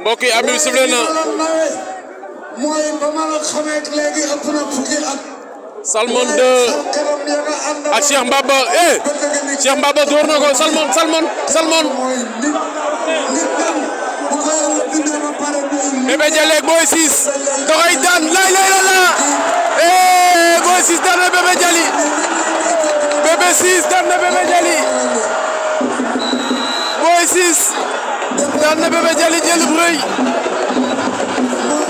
mbokk yi Habib ba Salmon 2 ak Cheikh Mbaba eh Cheikh Mbaba door na ko Salmon Salmon Bébé Diallo Boy Ciss daan lay lay la la eh Boy daan Bébé Diallo Bébé Ciss daan na Bébé Diallo Boy Ciss. daan na Bébé Diène jël